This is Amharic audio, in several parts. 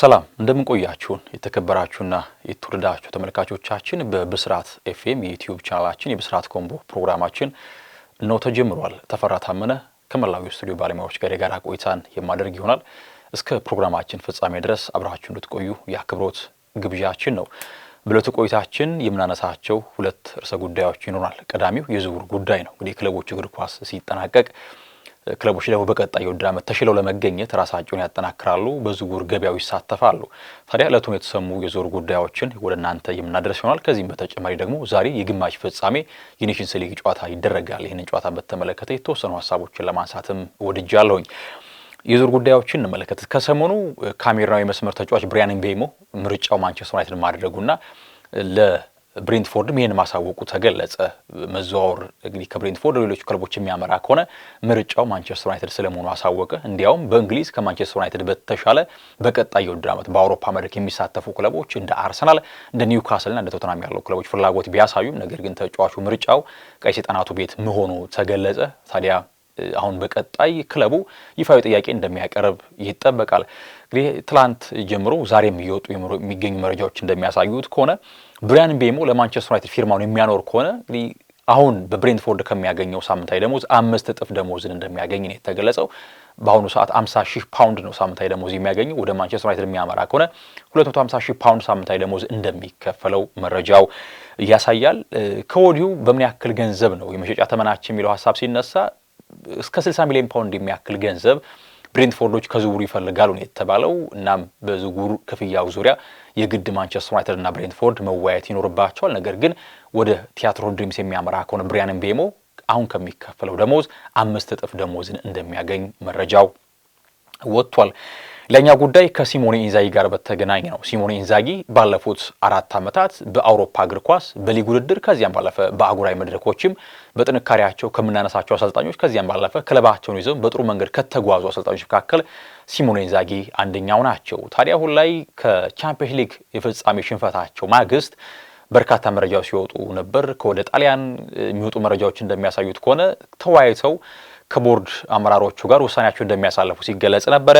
ሰላም እንደምን ቆያችሁን? የተከበራችሁና የተወደዳችሁ ተመልካቾቻችን በብስራት ኤፍኤም የዩትዩብ ቻናላችን የብስራት ኮምቦ ፕሮግራማችን ነው ተጀምሯል። ተፈራ ታመነ ከመላው የስቱዲዮ ባለሙያዎች ጋር የጋራ ቆይታን የማደርግ ይሆናል። እስከ ፕሮግራማችን ፍጻሜ ድረስ አብራችሁ እንድትቆዩ የአክብሮት ግብዣችን ነው። በዕለቱ ቆይታችን የምናነሳቸው ሁለት ርዕሰ ጉዳዮች ይኖራል። ቀዳሚው የዝውውር ጉዳይ ነው። እንግዲህ ክለቦች እግር ኳስ ሲጠናቀቅ ክለቦች ደግሞ በቀጣይ የውድድር ዓመት ተሽለው ለመገኘት ራሳቸውን ያጠናክራሉ፣ በዝውውር ገበያው ይሳተፋሉ። ታዲያ ዕለቱን የተሰሙ የዞር ጉዳዮችን ወደ እናንተ የምናደርስ ይሆናል። ከዚህም በተጨማሪ ደግሞ ዛሬ የግማሽ ፍጻሜ የኔሽንስ ሊግ ጨዋታ ይደረጋል። ይህንን ጨዋታ በተመለከተ የተወሰኑ ሀሳቦችን ለማንሳትም ወድጃለሁኝ። የዞር ጉዳዮችን እንመለከት። ከሰሞኑ ካሜራዊ መስመር ተጫዋች ብሪያን ምቤሞ ምርጫው ማንቸስተር ዩናይትድ ማድረጉና ብሬንትፎርድም ይህን ማሳወቁ ተገለጸ። መዘዋወር እንግዲህ ከብሬንትፎርድ ሌሎች ክለቦች የሚያመራ ከሆነ ምርጫው ማንቸስተር ዩናይትድ ስለመሆኑ አሳወቀ። እንዲያውም በእንግሊዝ ከማንቸስተር ዩናይትድ በተሻለ በቀጣይ የውድድር ዓመት በአውሮፓ መድረክ የሚሳተፉ ክለቦች እንደ አርሰናል፣ እንደ ኒውካስልና እንደ ቶተናም ያለው ክለቦች ፍላጎት ቢያሳዩም ነገር ግን ተጫዋቹ ምርጫው ቀይ ሰይጣናቱ ቤት መሆኑ ተገለጸ። ታዲያ አሁን በቀጣይ ክለቡ ይፋዊ ጥያቄ እንደሚያቀርብ ይጠበቃል። እንግዲህ ትላንት ጀምሮ ዛሬም እየወጡ የሚገኙ መረጃዎች እንደሚያሳዩት ከሆነ ብሪያን ቤሞ ለማንቸስተር ዩናይትድ ፊርማውን የሚያኖር ከሆነ እንግዲህ አሁን በብሬንትፎርድ ከሚያገኘው ሳምንታዊ ደሞዝ አምስት እጥፍ ደሞዝን እንደሚያገኝ ነው የተገለጸው። በአሁኑ ሰዓት 50 ሺህ ፓውንድ ነው ሳምንታዊ ደሞዝ የሚያገኙ። ወደ ማንቸስተር ዩናይትድ የሚያመራ ከሆነ 250 ሺህ ፓውንድ ሳምንታዊ ደሞዝ እንደሚከፈለው መረጃው ያሳያል። ከወዲሁ በምን ያክል ገንዘብ ነው የመሸጫ ተመናች የሚለው ሀሳብ ሲነሳ እስከ 60 ሚሊዮን ፓውንድ የሚያክል ገንዘብ ብሬንትፎርዶች ከዝውውሩ ይፈልጋሉ ነው የተባለው። እናም በዝውውር ክፍያው ዙሪያ የግድ ማንቸስተር ዩናይትድ እና ብሬንትፎርድ መወያየት ይኖርባቸዋል። ነገር ግን ወደ ቲያትሮ ድሪምስ የሚያመራ ከሆነ ብሪያን ምቤሞ አሁን ከሚከፈለው ደሞዝ አምስት እጥፍ ደሞዝን እንደሚያገኝ መረጃው ወጥቷል። ለእኛ ጉዳይ ከሲሞኔ ኢንዛጊ ጋር በተገናኘ ነው። ሲሞኔ ኢንዛጊ ባለፉት አራት ዓመታት በአውሮፓ እግር ኳስ በሊግ ውድድር ከዚያም ባለፈ በአጉራዊ መድረኮችም በጥንካሬያቸው ከምናነሳቸው አሰልጣኞች ከዚያም ባለፈ ክለባቸውን ይዘው በጥሩ መንገድ ከተጓዙ አሰልጣኞች መካከል ሲሞኔ ኢንዛጊ አንደኛው ናቸው። ታዲያ አሁን ላይ ከቻምፒየንስ ሊግ የፍጻሜ ሽንፈታቸው ማግስት በርካታ መረጃዎች ሲወጡ ነበር። ከወደ ጣሊያን የሚወጡ መረጃዎች እንደሚያሳዩት ከሆነ ተወያይተው ከቦርድ አመራሮቹ ጋር ውሳኔያቸው እንደሚያሳልፉ ሲገለጽ ነበረ።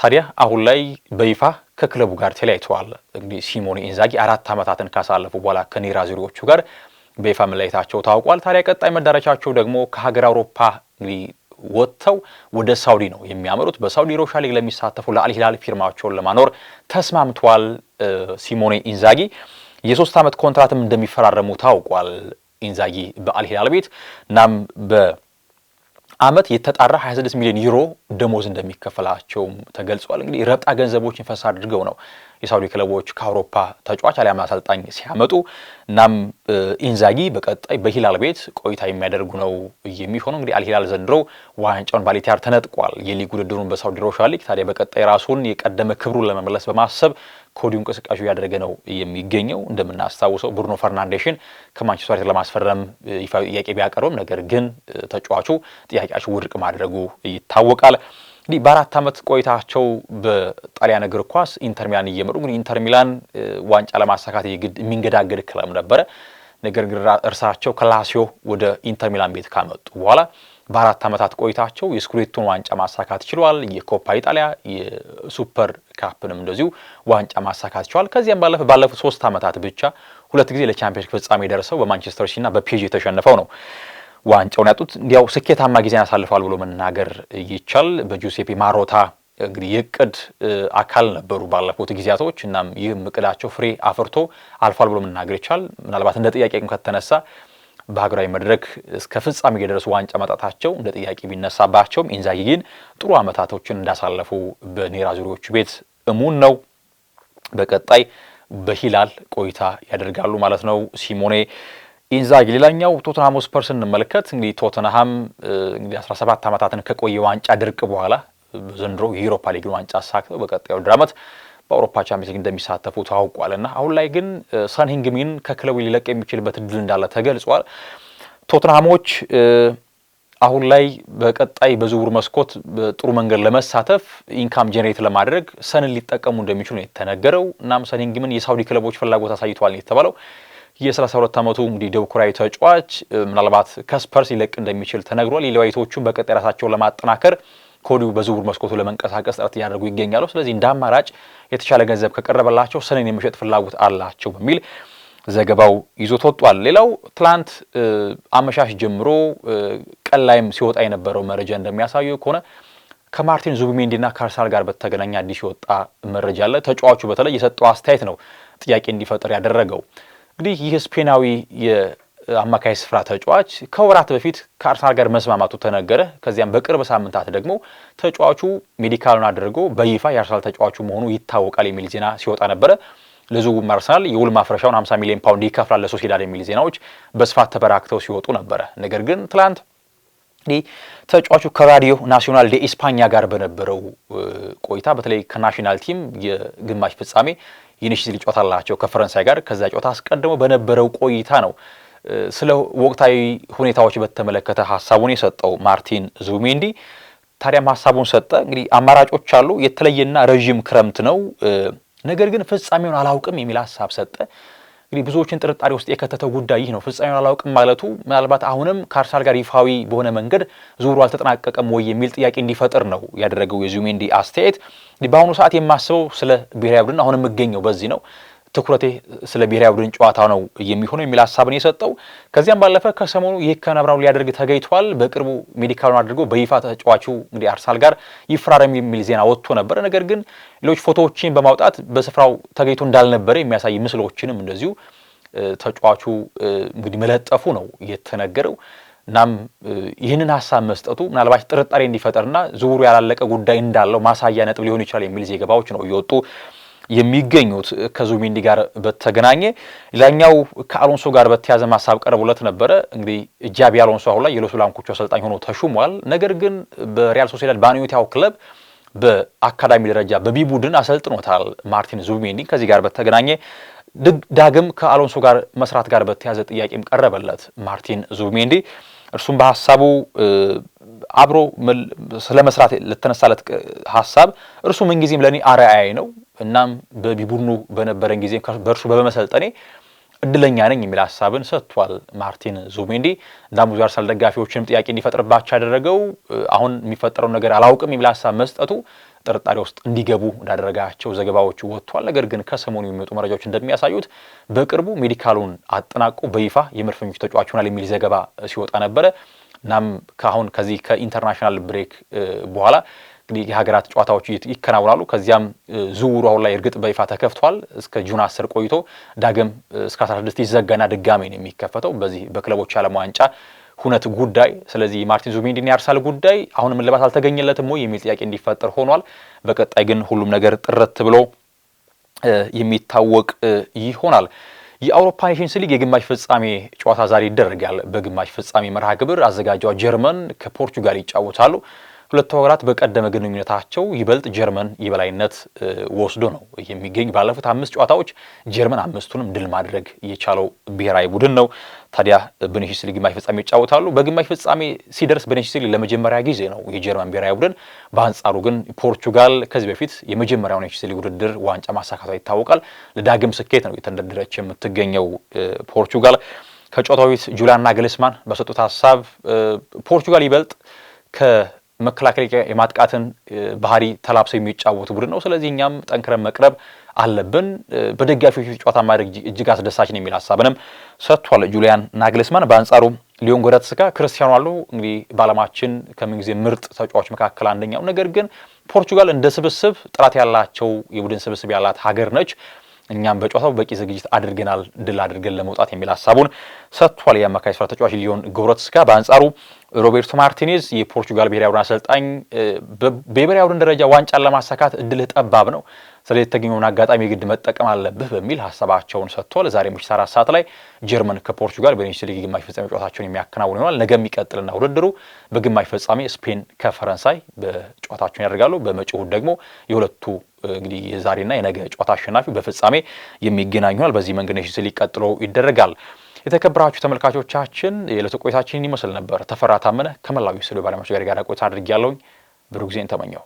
ታዲያ አሁን ላይ በይፋ ከክለቡ ጋር ተለያይተዋል። እንግዲህ ሲሞኔ ኢንዛጊ አራት ዓመታትን ካሳለፉ በኋላ ከኔራዙሪዎቹ ጋር በይፋ መለያየታቸው ታውቋል። ታዲያ ቀጣይ መዳረቻቸው ደግሞ ከሀገር አውሮፓ እንግዲህ ወጥተው ወደ ሳውዲ ነው የሚያመሩት። በሳውዲ ሮሻ ሊግ ለሚሳተፉ ለአልሂላል ፊርማቸውን ለማኖር ተስማምተዋል። ሲሞኔ ኢንዛጊ የሶስት ዓመት ኮንትራትም እንደሚፈራረሙ ታውቋል። ኢንዛጊ በአልሂላል ቤት እናም በ አመት የተጣራ 26 ሚሊዮን ዩሮ ደሞዝ እንደሚከፈላቸውም ተገልጿል። እንግዲህ ረብጣ ገንዘቦችን ፈሳ አድርገው ነው የሳውዲ ክለቦች ከአውሮፓ ተጫዋች አሊያም አሰልጣኝ ሲያመጡ እናም ኢንዛጊ በቀጣይ በሂላል ቤት ቆይታ የሚያደርጉ ነው የሚሆነው። እንግዲህ አልሂላል ዘንድሮ ዋንጫውን ባሊቲያር ተነጥቋል። የሊግ ውድድሩን በሳውዲ ሮሻ ሊግ ታዲያ በቀጣይ ራሱን የቀደመ ክብሩን ለመመለስ በማሰብ ከወዲሁ እንቅስቃሴ እያደረገ ነው የሚገኘው። እንደምናስታውሰው ብሩኖ ፈርናንዴሽን ከማንቸስተር ዩናይትድ ለማስፈረም ይፋዊ ጥያቄ ቢያቀርብም ነገር ግን ተጫዋቹ ጥያቄያቸው ውድቅ ማድረጉ ይታወቃል። እንግዲህ በአራት ዓመት ቆይታቸው በጣሊያን እግር ኳስ ኢንተር ሚላን እየመሩ ግን ኢንተር ሚላን ዋንጫ ለማሳካት የሚንገዳገድ ክለብ ነበረ። ነገር ግን እርሳቸው ከላሲዮ ወደ ኢንተር ሚላን ቤት ካመጡ በኋላ በአራት ዓመታት ቆይታቸው የስኩዴቱን ዋንጫ ማሳካት ችሏል። የኮፓ ኢጣሊያ የሱፐር ካፕንም እንደዚሁ ዋንጫ ማሳካት ችሏል። ከዚያም ባለፈ ባለፉት ሶስት ዓመታት ብቻ ሁለት ጊዜ ለቻምፒየንስ ፍጻሜ ደርሰው በማንቸስተር ሲቲና በፒኤስጂ የተሸነፈው ነው። ዋንጫውን ያጡት እንዲያው ስኬታማ ጊዜን ያሳልፋል ብሎ መናገር ይቻል። በጁሴፒ ማሮታ እንግዲህ የእቅድ አካል ነበሩ ባለፉት ጊዜያቶች። እናም ይህም እቅዳቸው ፍሬ አፍርቶ አልፏል ብሎ መናገር ይቻል። ምናልባት እንደ ጥያቄ ከተነሳ በሀገራዊ መድረክ እስከ ፍጻሜ የደረሱ ዋንጫ መጣታቸው እንደ ጥያቄ ቢነሳባቸውም ኢንዛጊ ግን ጥሩ ዓመታቶችን እንዳሳለፉ በኔራ ዙሪዎቹ ቤት እሙን ነው። በቀጣይ በሂላል ቆይታ ያደርጋሉ ማለት ነው ሲሞኔ ኢንዛጊ ሌላኛው ቶተንሃም ስፐር ስንመለከት እንግዲህ ቶተንሃም እንግዲህ 17 ዓመታትን ከቆየ ዋንጫ ድርቅ በኋላ ዘንድሮ የዩሮፓ ሊግን ዋንጫ አሳክተው በቀጣዩ ውድድር ዓመት በአውሮፓ ቻምፒዮንስ ሊግ እንደሚሳተፉ ታውቋል እና አሁን ላይ ግን ሰንሂንግሚን ከክለቡ ሊለቅ የሚችልበት እድል እንዳለ ተገልጿል። ቶተንሃሞች አሁን ላይ በቀጣይ በዝውውር መስኮት በጥሩ መንገድ ለመሳተፍ ኢንካም ጄኔሬት ለማድረግ ሰንን ሊጠቀሙ እንደሚችሉ ነው የተነገረው። እናም ሰንሂንግሚን የሳውዲ ክለቦች ፍላጎት አሳይተዋል ነው የተባለው። የ32 ዓመቱ እንግዲህ ደቡብ ኮሪያዊ ተጫዋች ምናልባት ከስፐርስ ሊለቅ እንደሚችል ተነግሯል። ሌለዋይቶቹም በቀጣይ የራሳቸውን ለማጠናከር ከወዲሁ በዝውውር መስኮቱ ለመንቀሳቀስ ጥረት እያደረጉ ይገኛሉ። ስለዚህ እንደ አማራጭ የተሻለ ገንዘብ ከቀረበላቸው ሰኔን የመሸጥ ፍላጎት አላቸው በሚል ዘገባው ይዞት ወጥቷል። ሌላው ትላንት አመሻሽ ጀምሮ ቀን ላይም ሲወጣ የነበረው መረጃ እንደሚያሳየው ከሆነ ከማርቲን ዙቢሜንዲና ከአርሰናል ጋር በተገናኘ አዲስ የወጣ መረጃ አለ። ተጫዋቹ በተለይ የሰጠው አስተያየት ነው ጥያቄ እንዲፈጠር ያደረገው። እንግዲህ ይህ ስፔናዊ የአማካይ ስፍራ ተጫዋች ከወራት በፊት ከአርሰናል ጋር መስማማቱ ተነገረ። ከዚያም በቅርብ ሳምንታት ደግሞ ተጫዋቹ ሜዲካሉን አድርጎ በይፋ የአርሰናል ተጫዋቹ መሆኑ ይታወቃል የሚል ዜና ሲወጣ ነበረ። ለዝውውሩም አርሰናል የውል ማፍረሻውን 50 ሚሊዮን ፓውንድ ይከፍላል ለሶሲዳድ የሚል ዜናዎች በስፋት ተበራክተው ሲወጡ ነበረ። ነገር ግን ትላንት እንግዲህ ተጫዋቹ ከራዲዮ ናሽናል ደ ኢስፓኛ ጋር በነበረው ቆይታ በተለይ ከናሽናል ቲም የግማሽ ፍጻሜ የኔሽንስ ጨዋታ አላቸው ከፈረንሳይ ጋር። ከዛ ጨዋታ አስቀድሞ በነበረው ቆይታ ነው ስለ ወቅታዊ ሁኔታዎች በተመለከተ ሀሳቡን የሰጠው ማርቲን ዙቢሜንዲ። ታዲያም ሀሳቡን ሰጠ። እንግዲህ አማራጮች አሉ፣ የተለየና ረዥም ክረምት ነው፣ ነገር ግን ፍጻሜውን አላውቅም የሚል ሀሳብ ሰጠ። እንግዲህ ብዙዎችን ጥርጣሬ ውስጥ የከተተው ጉዳይ ይህ ነው። ፍጻሜውን አላውቅም ማለቱ ምናልባት አሁንም ከአርሰናል ጋር ይፋዊ በሆነ መንገድ ዙሩ አልተጠናቀቀም ወይ የሚል ጥያቄ እንዲፈጥር ነው ያደረገው የዙሜንዲ አስተያየት። በአሁኑ ሰዓት የማስበው ስለ ብሔራዊ ቡድን አሁን የምገኘው በዚህ ነው። ትኩረቴ ስለ ብሔራዊ ቡድን ጨዋታ ነው የሚሆነው የሚል ሀሳብን የሰጠው ከዚያም ባለፈ ከሰሞኑ የህክምና ምርመራውን ሊያደርግ ተገኝቷል። በቅርቡ ሜዲካሉን አድርጎ በይፋ ተጫዋቹ እንግዲህ አርሳል ጋር ይፈራረም የሚል ዜና ወጥቶ ነበረ። ነገር ግን ሌሎች ፎቶዎችን በማውጣት በስፍራው ተገኝቶ እንዳልነበረ የሚያሳይ ምስሎችንም እንደዚሁ ተጫዋቹ እንግዲህ መለጠፉ ነው የተነገረው። እናም ይህንን ሀሳብ መስጠቱ ምናልባት ጥርጣሬ እንዲፈጠርና ዝውውሩ ያላለቀ ጉዳይ እንዳለው ማሳያ ነጥብ ሊሆን ይችላል የሚል ዘገባዎች ነው እየወጡ የሚገኙት ከዙቢሜንዲ ጋር በተገናኘ ሌላኛው ከአሎንሶ ጋር በተያዘ ማሳብ ቀርቦለት ነበረ። እንግዲህ ጃቢ አሎንሶ አሁን ላይ የሎስ ብላንኮቹ አሰልጣኝ ሆኖ ተሹሟል። ነገር ግን በሪያል ሶሴዳድ በአንዮቲያው ክለብ በአካዳሚ ደረጃ በቢ ቡድን አሰልጥኖታል ማርቲን ዙቢሜንዲ። ከዚህ ጋር በተገናኘ ዳግም ከአሎንሶ ጋር መስራት ጋር በተያዘ ጥያቄም ቀረበለት ማርቲን ዙሜንዲ እርሱም በሀሳቡ አብሮ ስለ መስራት ለተነሳለት ሀሳብ እርሱ ምንጊዜም ለእኔ አርአያዬ ነው እናም በቢቡድኑ በነበረን ጊዜ በእርሱ በመሰልጠኔ እድለኛ ነኝ የሚል ሀሳብን ሰጥቷል። ማርቲን ዙሜንዲ እንዳም ብዙ አርሰናል ደጋፊዎችንም ጥያቄ እንዲፈጥርባቸው ያደረገው አሁን የሚፈጠረው ነገር አላውቅም የሚል ሀሳብ መስጠቱ ጥርጣሬ ውስጥ እንዲገቡ እንዳደረጋቸው ዘገባዎቹ ወጥቷል። ነገር ግን ከሰሞኑ የሚወጡ መረጃዎች እንደሚያሳዩት በቅርቡ ሜዲካሉን አጠናቆ በይፋ የመድፈኞች ተጫዋች ሆናል የሚል ዘገባ ሲወጣ ነበረ። እናም ከአሁን ከዚህ ከኢንተርናሽናል ብሬክ በኋላ እንግዲህ የሀገራት ጨዋታዎች ይከናወናሉ። ከዚያም ዝውውሩ አሁን ላይ እርግጥ በይፋ ተከፍቷል። እስከ ጁን አስር ቆይቶ ዳግም እስከ 16 ይዘጋና ድጋሜ ነው የሚከፈተው በዚህ በክለቦች ዓለም ዋንጫ ሁነት ጉዳይ። ስለዚህ ማርቲን ዙቢሜንዲና ያርሳል ጉዳይ አሁንም እልባት አልተገኘለትም ወይ የሚል ጥያቄ እንዲፈጠር ሆኗል። በቀጣይ ግን ሁሉም ነገር ጥረት ብሎ የሚታወቅ ይሆናል። የአውሮፓ ኔሽንስ ሊግ የግማሽ ፍጻሜ ጨዋታ ዛሬ ይደረጋል። በግማሽ ፍጻሜ መርሃ ግብር አዘጋጇ ጀርመን ከፖርቹጋል ይጫወታሉ። ሁለቱ ሀገራት በቀደመ ግንኙነታቸው ይበልጥ ጀርመን የበላይነት ወስዶ ነው የሚገኝ። ባለፉት አምስት ጨዋታዎች ጀርመን አምስቱንም ድል ማድረግ የቻለው ብሔራዊ ቡድን ነው። ታዲያ በኔሽንስ ሊግ ግማሽ ፍጻሜ ይጫወታሉ። በግማሽ ፍጻሜ ሲደርስ በኔሽንስ ሊግ ለመጀመሪያ ጊዜ ነው የጀርመን ብሔራዊ ቡድን። በአንጻሩ ግን ፖርቹጋል ከዚህ በፊት የመጀመሪያው ኔሽንስ ሊግ ውድድር ዋንጫ ማሳካቷ ይታወቃል። ለዳግም ስኬት ነው የተንደረደረች የምትገኘው ፖርቹጋል። ከጨዋታው በፊት ጁሊያን ናግልስማን በሰጡት ሀሳብ ፖርቹጋል ይበልጥ ከ መከላከል የማጥቃትን ባህሪ ተላብሰው የሚጫወቱ ቡድን ነው። ስለዚህ እኛም ጠንክረን መቅረብ አለብን። በደጋፊዎች ጨዋታ ማድረግ እጅግ አስደሳች ነው የሚል ሀሳብንም ሰጥቷል ጁሊያን ናግልስማን። በአንጻሩ ሊዮን ስጋ ክርስቲያኑ አሉ እንግዲህ በዓለማችን ከምንጊዜ ምርጥ ተጫዋች መካከል አንደኛው። ነገር ግን ፖርቹጋል እንደ ስብስብ ጥራት ያላቸው የቡድን ስብስብ ያላት ሀገር ነች። እኛም በጨዋታው በቂ ዝግጅት አድርገናል፣ ድል አድርገን ለመውጣት የሚል ሀሳቡን ሰጥቷል። የአማካይ ስራ ተጫዋች ሊዮን ጎረትስካ። በአንጻሩ ሮቤርቶ ማርቲኔዝ የፖርቹጋል ብሔራዊ ቡድን አሰልጣኝ፣ በብሔራዊ ቡድን ደረጃ ዋንጫን ለማሳካት እድልህ ጠባብ ነው ስለዚህ የተገኘውን አጋጣሚ የግድ መጠቀም አለብህ በሚል ሀሳባቸውን ሰጥቷል። ዛሬ ምሽት አራት ሰዓት ላይ ጀርመን ከፖርቹጋል በኔሽንስ ሊግ ግማሽ ፍጻሜ ጨዋታቸውን የሚያከናውን ይሆናል። ነገ የሚቀጥልና ውድድሩ በግማሽ ፍጻሜ ስፔን ከፈረንሳይ በጨዋታቸውን ያደርጋሉ። በመጪው እሁድ ደግሞ የሁለቱ እንግዲህ የዛሬና የነገ ጨዋታ አሸናፊ በፍጻሜ የሚገናኙ ይሆናል። በዚህ መንገድ ኔሽንስ ሊግ ቀጥሎ ይደረጋል። የተከበራችሁ ተመልካቾቻችን የዕለቱ ቆይታችንን ይመስል ነበር። ተፈራ ታመነ ከመላዊ ስሉ ባለሙያዎች ጋር ጋር ቆይታ አድርጌ ያለውኝ ብሩ ጊዜን ተመኘው።